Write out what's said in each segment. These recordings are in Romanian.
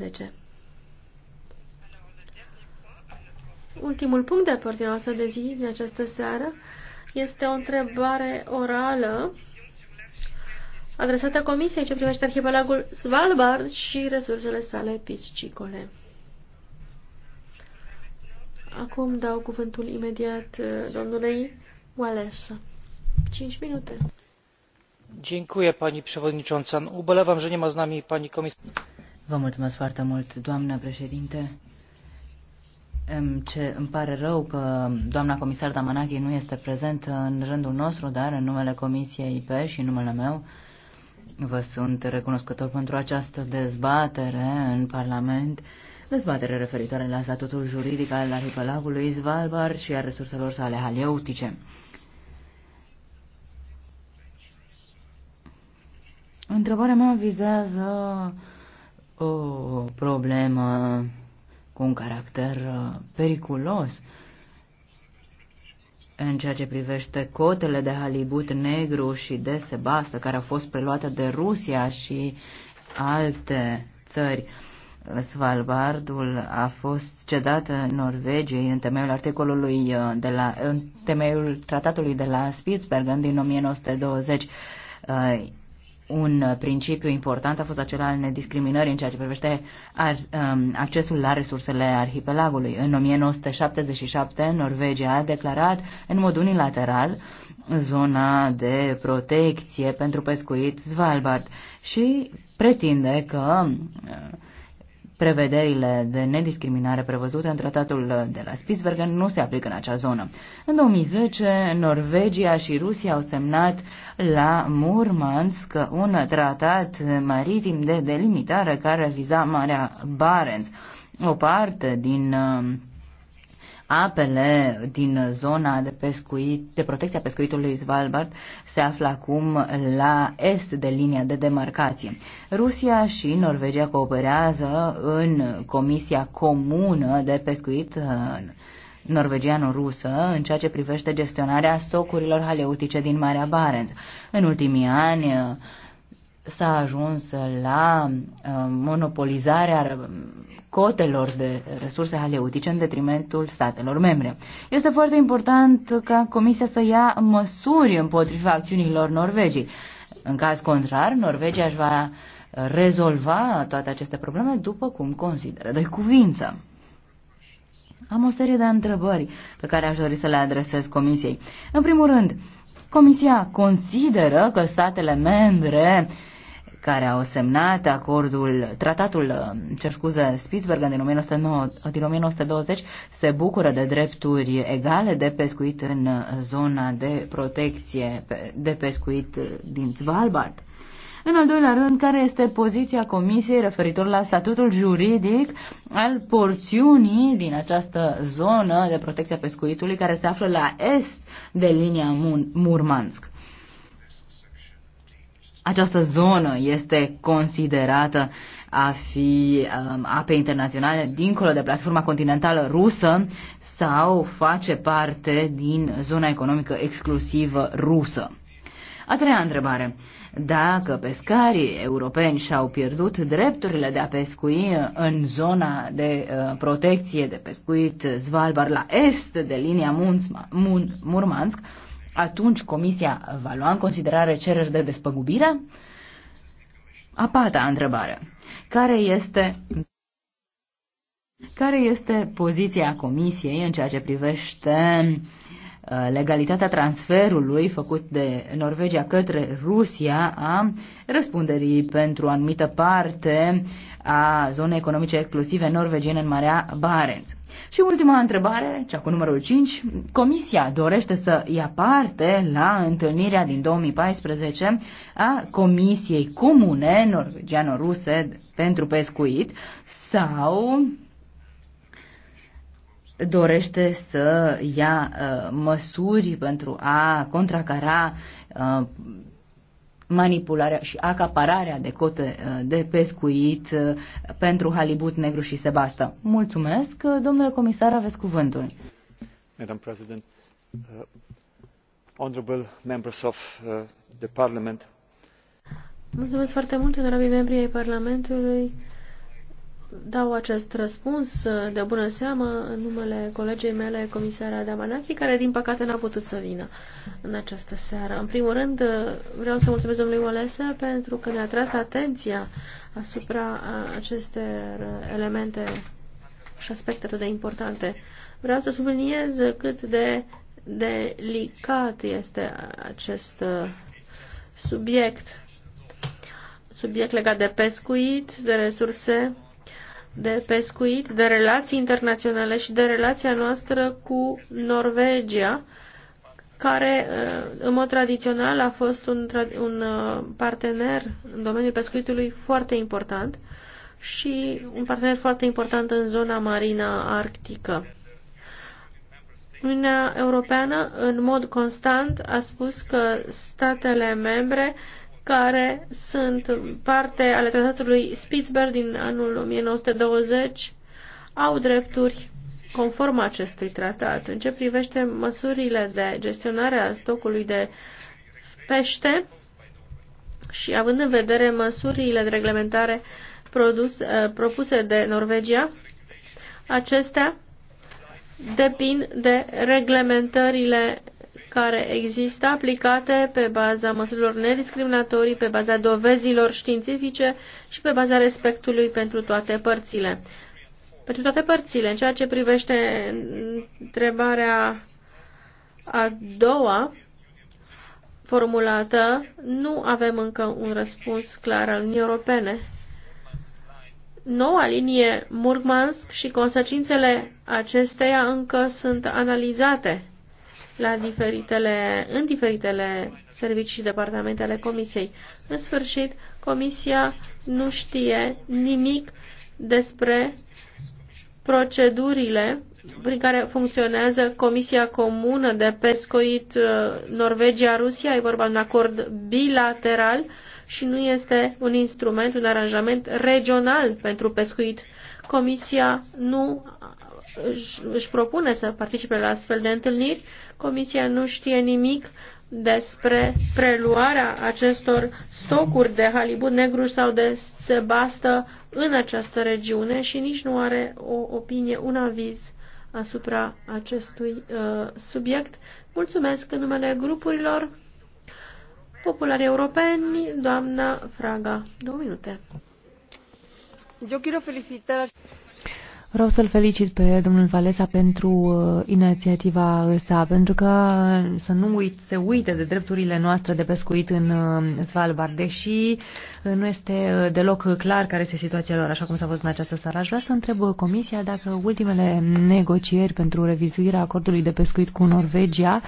10. Ultimul punct de ordine noastră de zi din această seară este o întrebare orală adresată Comisiei ce privește arhipelagul Svalbard și resursele sale piscicole. Acum dau cuvântul imediat uh, domnului Walesa. 5 minute. Dziękuję pani przewodnicząca. Ubolewam, że nie ma z nami pani komisarz. Vă mulțumesc foarte mult, doamnă președinte. ce, îmi pare rău că doamna comisar Damanachi nu este prezentă în rândul nostru, dar în numele Comisiei IP și în numele meu vă sunt recunoscător pentru această dezbatere în Parlament, dezbatere referitoare la statutul juridic al arhipelagului Svalbard și a resurselor sale haleutice. Întrebarea mea vizează o problemă cu un caracter uh, periculos în ceea ce privește cotele de halibut negru și de sebastă care au fost preluate de Rusia și alte țări. Svalbardul a fost cedat Norvegiei în temeiul articolului uh, de la, în temeiul tratatului de la Spitsbergen din 1920 un uh, principiu important a fost acela al nediscriminării în ceea ce privește ar, um, accesul la resursele arhipelagului. În 1977, Norvegia a declarat în mod unilateral zona de protecție pentru pescuit Svalbard și pretinde că uh, Prevederile de nediscriminare prevăzute în tratatul de la Spitsbergen nu se aplică în acea zonă. În 2010, Norvegia și Rusia au semnat la Murmansk un tratat maritim de delimitare care viza Marea Barents. O parte din uh, Apele din zona de, pescuit, de protecția pescuitului Svalbard se află acum la est de linia de demarcație. Rusia și Norvegia cooperează în Comisia Comună de Pescuit uh, norvegiano-rusă în ceea ce privește gestionarea stocurilor haleutice din Marea Barents. În ultimii ani uh, s-a ajuns la uh, monopolizarea cotelor de resurse haleutice în detrimentul statelor membre. Este foarte important ca Comisia să ia măsuri împotriva acțiunilor Norvegii. În caz contrar, Norvegia își va rezolva toate aceste probleme după cum consideră de cuvință. Am o serie de întrebări pe care aș dori să le adresez Comisiei. În primul rând, Comisia consideră că statele membre uh, care au semnat acordul, tratatul, cer scuze, Spitsbergen din 1909, din 1920, se bucură de drepturi egale de pescuit în zona de protecție de pescuit din Svalbard. În al doilea rând, care este poziția Comisiei referitor la statutul juridic al porțiunii din această zonă de protecție a pescuitului care se află la est de linia Murmansk? Această zonă este considerată a fi um, ape internaționale dincolo de platforma continentală rusă sau face parte din zona economică exclusivă rusă. A treia întrebare. Dacă pescarii europeni și-au pierdut drepturile de a pescui în zona de uh, protecție de pescuit Svalbard la est de linia Munț, Mun, Murmansk, atunci Comisia va lua în considerare cereri de despăgubire? A pata întrebare. Care este, care este poziția Comisiei în ceea ce privește uh, legalitatea transferului făcut de Norvegia către Rusia a răspunderii pentru o anumită parte a zonei economice exclusive norvegiene în Marea Barents? Și ultima întrebare, cea cu numărul 5. Comisia dorește să ia parte la întâlnirea din 2014 a Comisiei Comune Norvegiano-Ruse pentru pescuit sau dorește să ia uh, măsuri pentru a contracara uh, manipularea și acapararea de cote uh, de pescuit uh, pentru halibut negru și sebastă. Mulțumesc. Uh, domnule comisar, aveți cuvântul. Madam President, uh, honorable members of uh, the Parliament. Mulțumesc foarte mult, onorabili membri ai Parlamentului dau acest răspuns uh, de bună seamă în numele colegei mele, comisara Damanachi, care din păcate n-a putut să vină în această seară. În primul rând, uh, vreau să mulțumesc domnului Olesă pentru că ne-a tras atenția asupra uh, acestor elemente și aspecte atât de importante. Vreau să subliniez cât de delicat este acest subiect subiect legat de pescuit, de resurse de pescuit, de relații internaționale și de relația noastră cu Norvegia, care uh, în mod tradițional a fost un, un uh, partener în domeniul pescuitului foarte important și un partener foarte important în zona marina arctică. Uniunea Europeană în mod constant a spus că statele membre care sunt parte ale tratatului Spitzberg din anul 1920, au drepturi conform acestui tratat. În ce privește măsurile de gestionare a stocului de pește și având în vedere măsurile de reglementare produs, eh, propuse de Norvegia, acestea depind de reglementările care există aplicate pe baza măsurilor nediscriminatorii, pe baza dovezilor științifice și pe baza respectului pentru toate părțile. Pentru toate părțile, în ceea ce privește întrebarea a doua formulată, nu avem încă un răspuns clar al Uniunii Europene. Noua linie Murmansk și consecințele acesteia încă sunt analizate la diferitele, în diferitele servicii și departamente ale Comisiei. În sfârșit, Comisia nu știe nimic despre procedurile prin care funcționează Comisia Comună de Pescuit uh, Norvegia-Rusia. E vorba de un acord bilateral și nu este un instrument, un aranjament regional pentru pescuit. Comisia nu își propune să participe la astfel de întâlniri. Comisia nu știe nimic despre preluarea acestor stocuri de halibut negru sau de sebastă în această regiune și nici nu are o opinie, un aviz asupra acestui uh, subiect. Mulțumesc în numele grupurilor populari europeni, doamna Fraga. Două minute. Eu quiero felicitar Vreau să-l felicit pe domnul Valesa pentru uh, inițiativa sa, pentru că uh, să nu uit, se uite de drepturile noastre de pescuit în uh, Svalbard, deși nu este deloc clar care este situația lor, așa cum s-a văzut în această seară. Aș vrea să întreb Comisia dacă ultimele negocieri pentru revizuirea acordului de pescuit cu Norvegia,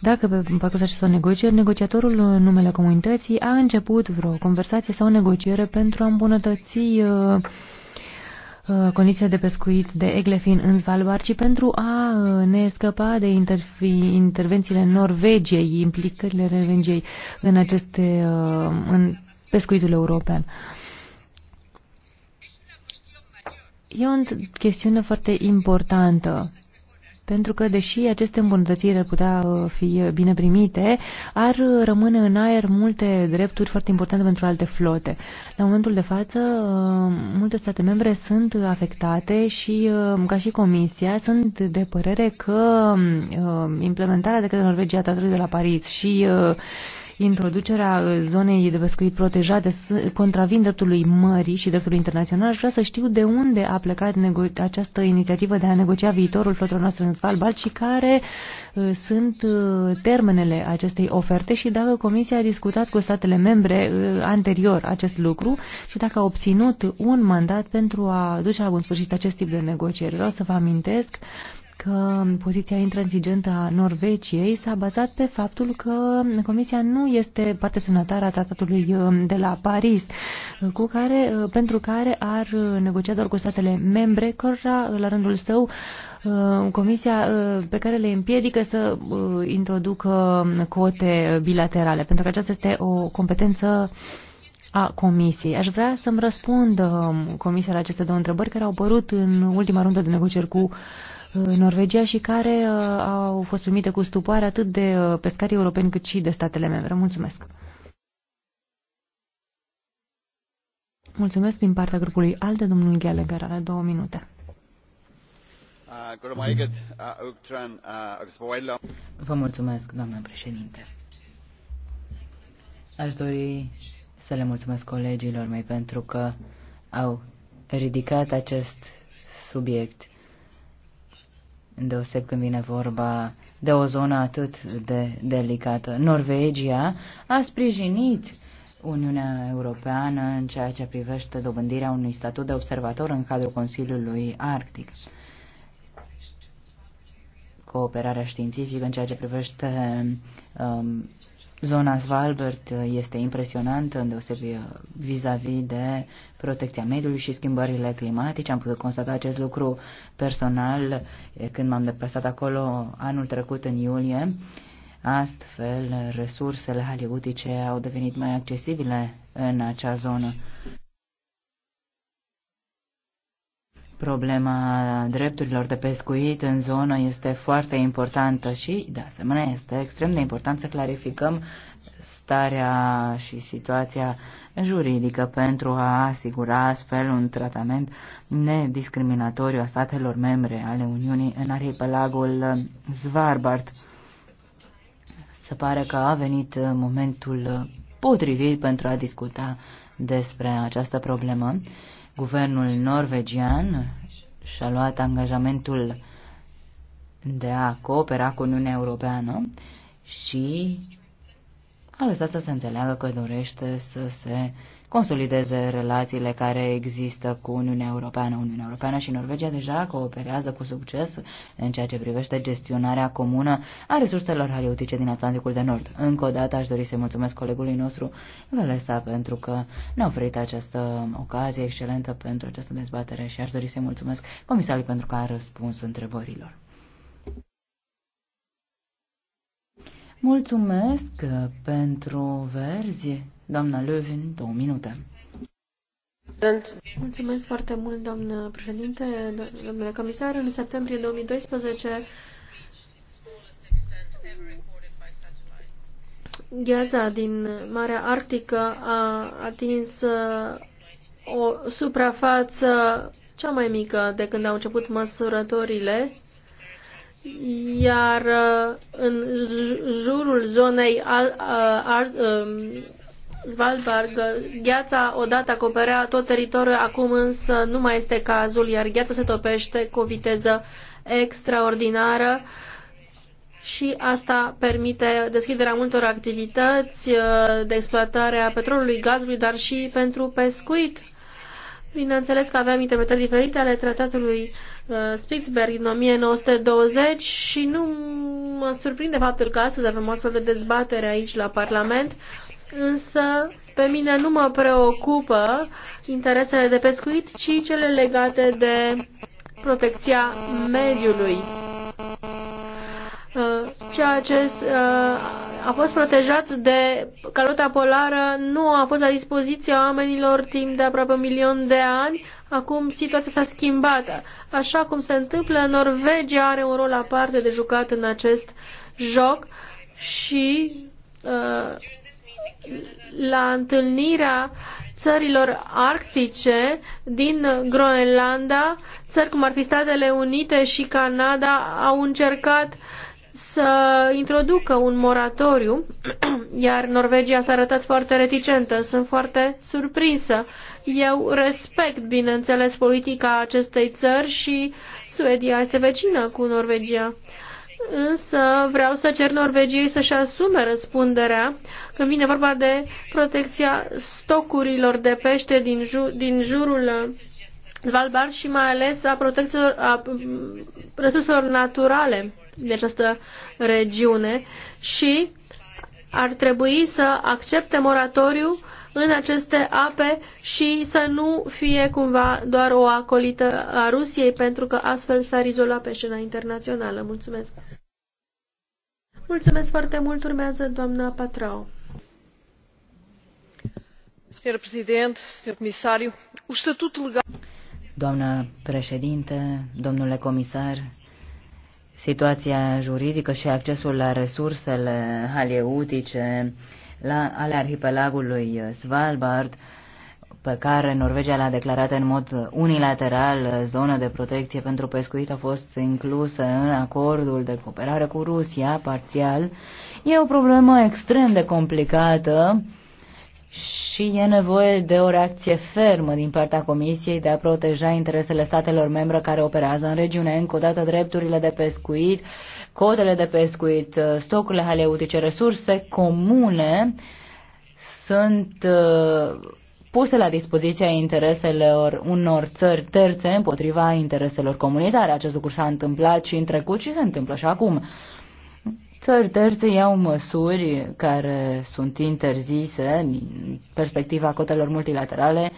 dacă pe parcursul acestor negocieri, negociatorul în numele comunității a început vreo conversație sau negociere pentru a îmbunătăți uh, Uh, condiția de pescuit de Eglefin în Svalbard, ci pentru a uh, ne scăpa de intervențiile Norvegiei, implicările Norvegiei în aceste uh, în pescuitul european. E o chestiune foarte importantă pentru că, deși aceste îmbunătățiri ar putea uh, fi bine primite, ar rămâne în aer multe drepturi foarte importante pentru alte flote. La momentul de față, uh, multe state membre sunt afectate și, uh, ca și Comisia, sunt de părere că implementarea de către Norvegia Tratului de la Paris și introducerea uh, zonei de pescuit protejate contravin dreptului mării și dreptului internațional, aș vrea să știu de unde a plecat această inițiativă de a negocia viitorul flotelor noastre în Svalbard și care uh, sunt uh, termenele acestei oferte și dacă Comisia a discutat cu statele membre anterior acest lucru și dacă a obținut un mandat pentru a duce la bun sfârșit acest tip de negocieri. Vreau să vă amintesc că poziția intransigentă a Norvegiei s-a bazat pe faptul că Comisia nu este parte semnatară a tratatului uh, de la Paris, uh, cu care, uh, pentru care ar negocia doar cu statele membre, cărora, la rândul său, Comisia pe care le împiedică să introducă cote bilaterale, pentru că aceasta este o competență a Comisiei. Aș vrea să-mi răspundă um, Comisia la aceste două întrebări care au apărut în ultima rundă de negocieri cu Norvegia și care uh, au fost primite cu stupoare atât de uh, pescarii europeni cât și de statele membre. Mulțumesc! Mulțumesc din partea grupului ALDE, domnul Gallagher, are două minute. Vă mulțumesc, doamna președinte. Aș dori să le mulțumesc colegilor mei pentru că au ridicat acest subiect îndeoseb când vine vorba de o zonă atât de delicată. Norvegia a sprijinit Uniunea Europeană în ceea ce privește dobândirea unui statut de observator în cadrul Consiliului Arctic cooperarea științifică în ceea ce privește um, zona Svalbard este impresionantă, îndeosebi uh, vis-a-vis -vis de protecția mediului și schimbările climatice. Am putut constata acest lucru personal eh, când m-am deplasat acolo anul trecut în iulie. Astfel, resursele haliutice au devenit mai accesibile în acea zonă. Problema drepturilor de pescuit în zonă este foarte importantă și, de asemenea, este extrem de important să clarificăm starea și situația juridică pentru a asigura astfel un tratament nediscriminatoriu a statelor membre ale Uniunii în arhipelagul Svarbard. Se pare că a venit momentul potrivit pentru a discuta despre această problemă Guvernul norvegian și-a luat angajamentul de a coopera cu Uniunea Europeană și a lăsat să se înțeleagă că dorește să se consolideze relațiile care există cu Uniunea Europeană. Uniunea Europeană și Norvegia deja cooperează cu succes în ceea ce privește gestionarea comună a resurselor haleutice din Atlanticul de Nord. Încă o dată aș dori să mulțumesc colegului nostru Velesa pentru că ne-a oferit această ocazie excelentă pentru această dezbatere și aș dori să-i mulțumesc comisarului pentru că a răspuns întrebărilor. Mulțumesc uh, pentru verzie, doamna Lövin, două minute. Mulțumesc foarte mult, doamnă președinte, domnule comisar. În septembrie 2012, gheața din Marea Arctică a atins uh, o suprafață cea mai mică de când au început măsurătorile iar uh, în jurul zonei uh, um, Svalbard, gheața odată acoperea tot teritoriul, acum însă nu mai este cazul, iar gheața se topește cu o viteză extraordinară și asta permite deschiderea multor activități uh, de exploatare a petrolului, gazului, dar și pentru pescuit. Bineînțeles că avem interpretări diferite ale tratatului Uh, Spitzberg în 1920 și nu mă surprinde faptul că astăzi avem o astfel de dezbatere aici la Parlament, însă pe mine nu mă preocupă interesele de pescuit, ci cele legate de protecția mediului uh, ceea ce uh, a fost protejat de calota polară nu a fost la dispoziția oamenilor timp de aproape un milion de ani Acum situația s-a schimbat. Așa cum se întâmplă, Norvegia are un rol aparte de jucat în acest joc și uh, la întâlnirea țărilor arctice din Groenlanda, țări cum ar fi Statele Unite și Canada, au încercat uh, să introducă un moratoriu, iar Norvegia s-a arătat foarte reticentă. Sunt foarte surprinsă. Eu respect, bineînțeles, politica acestei țări și Suedia este vecină cu Norvegia. Însă vreau să cer Norvegiei să-și asume răspunderea când vine vorba de protecția stocurilor de pește din, ju- din jurul Svalbard și mai ales a protecției a mm, resurselor naturale de această regiune și ar trebui să accepte moratoriu în aceste ape și să nu fie cumva doar o acolită a Rusiei, pentru că astfel s-ar izola pe scena internațională. Mulțumesc! Mulțumesc foarte mult! Urmează doamna Patrao. Senhor Doamnă președinte, domnule comisar, situația juridică și accesul la resursele haleutice la, ale arhipelagului Svalbard, pe care Norvegia l-a declarat în mod unilateral zonă de protecție pentru pescuit, a fost inclusă în acordul de cooperare cu Rusia, parțial. E o problemă extrem de complicată și e nevoie de o reacție fermă din partea Comisiei de a proteja interesele statelor membre care operează în regiune, încă o dată drepturile de pescuit, codele de pescuit, stocurile haleutice, resurse comune sunt uh, puse la dispoziția intereselor unor țări terțe împotriva intereselor comunitare. Acest lucru s-a întâmplat și în trecut și se întâmplă și acum. Țări terțe iau măsuri care sunt interzise din perspectiva cotelor multilaterale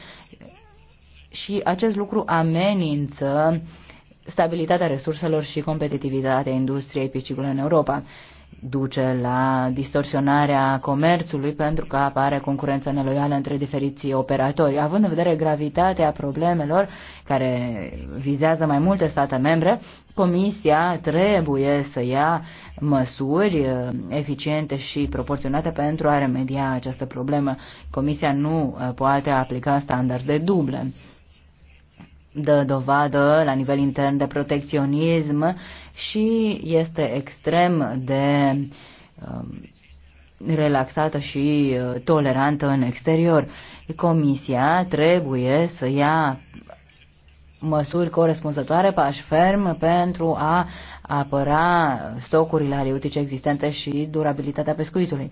și acest lucru amenință stabilitatea resurselor și competitivitatea industriei piscicole în Europa duce la distorsionarea comerțului pentru că apare concurența neloială între diferiții operatori. Având în vedere gravitatea problemelor care vizează mai multe state membre, Comisia trebuie să ia măsuri uh, eficiente și proporționate pentru a remedia această problemă. Comisia nu uh, poate aplica standarde duble dă dovadă la nivel intern de protecționism și este extrem de um, relaxată și uh, tolerantă în exterior. Comisia trebuie să ia măsuri corespunzătoare, pași ferm, pentru a apăra stocurile aleutice existente și durabilitatea pescuitului.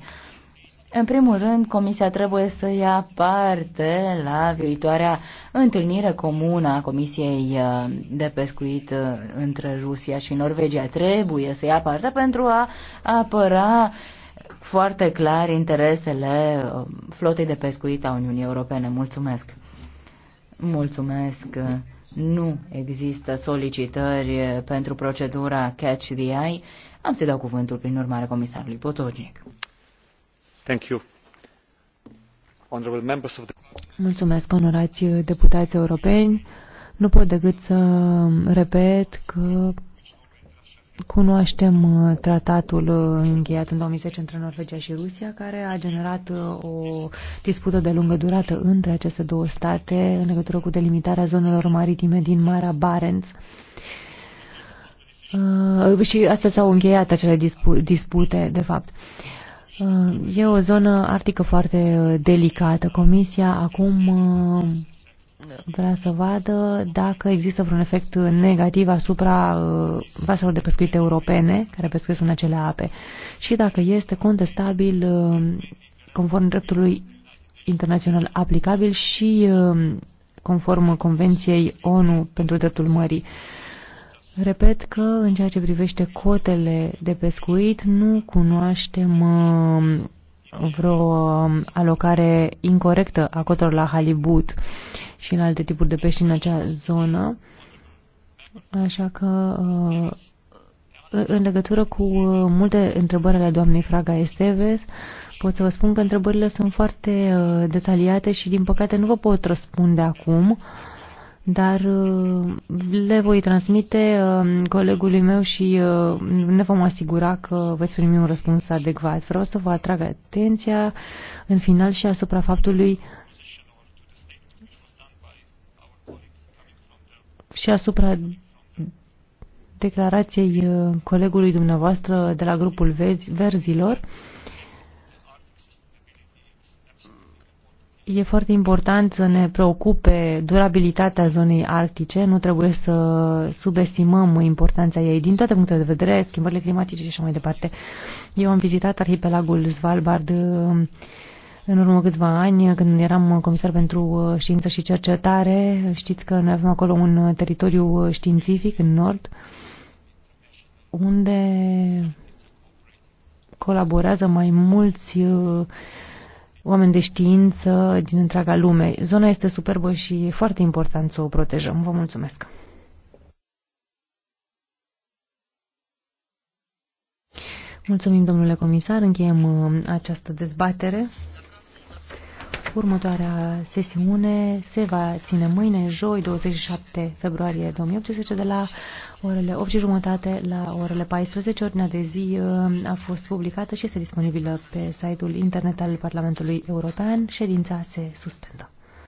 În primul rând, Comisia trebuie să ia parte la viitoarea întâlnire comună a Comisiei uh, de Pescuit uh, între Rusia și Norvegia. Trebuie să ia parte pentru a apăra foarte clar interesele uh, flotei de pescuit a Uniunii Europene. Mulțumesc! Mulțumesc! Nu există solicitări pentru procedura Catch the Eye. Am să dau cuvântul prin urmare comisarului Potocnic. Mulțumesc, onorați deputați europeni. Nu pot decât să repet că cunoaștem uh, tratatul uh, încheiat în 2010 între Norvegia și Rusia, care a generat uh, o dispută de lungă durată între aceste două state în legătură cu delimitarea zonelor maritime din Marea Barents. și astfel s-au încheiat acele dispute, de fapt. Uh, e o zonă arctică foarte uh, delicată. Comisia acum uh, vrea să vadă dacă există vreun efect negativ asupra vaselor de pescuit europene care pescuiesc în acele ape și dacă este contestabil conform dreptului internațional aplicabil și conform Convenției ONU pentru dreptul mării. Repet că în ceea ce privește cotele de pescuit nu cunoaștem um, vreo um, alocare incorrectă a cotelor la halibut și în alte tipuri de pești în acea zonă. Așa că uh, în legătură cu uh, multe întrebări ale doamnei Fraga Esteves, pot să vă spun că întrebările sunt foarte uh, detaliate și din păcate nu vă pot răspunde acum dar uh, le voi transmite uh, colegului meu și uh, ne vom asigura că veți primi un răspuns adecvat. Vreau să vă atrag atenția în final și asupra faptului și asupra declarației colegului dumneavoastră de la grupul verzilor E foarte important să ne preocupe durabilitatea zonei arctice, nu trebuie să subestimăm importanța ei din toate punctele de vedere, schimbările climatice și așa mai departe. Eu am vizitat arhipelagul Svalbard um, în urmă câțiva ani, când eram comisar pentru uh, știință și cercetare. Știți că noi avem acolo un uh, teritoriu uh, științific în nord, unde colaborează mai mulți uh, oameni de știință din întreaga lume. Zona este superbă și e foarte important să o protejăm. Vă mulțumesc! Mulțumim, domnule comisar. Încheiem uh, această dezbatere. Următoarea sesiune se va ține mâine, joi, 27 februarie 2018, de la orele 8 jumătate la orele 14. Ordinea de zi uh, a fost publicată și este disponibilă pe site-ul internet al Parlamentului European. Ședința se suspendă.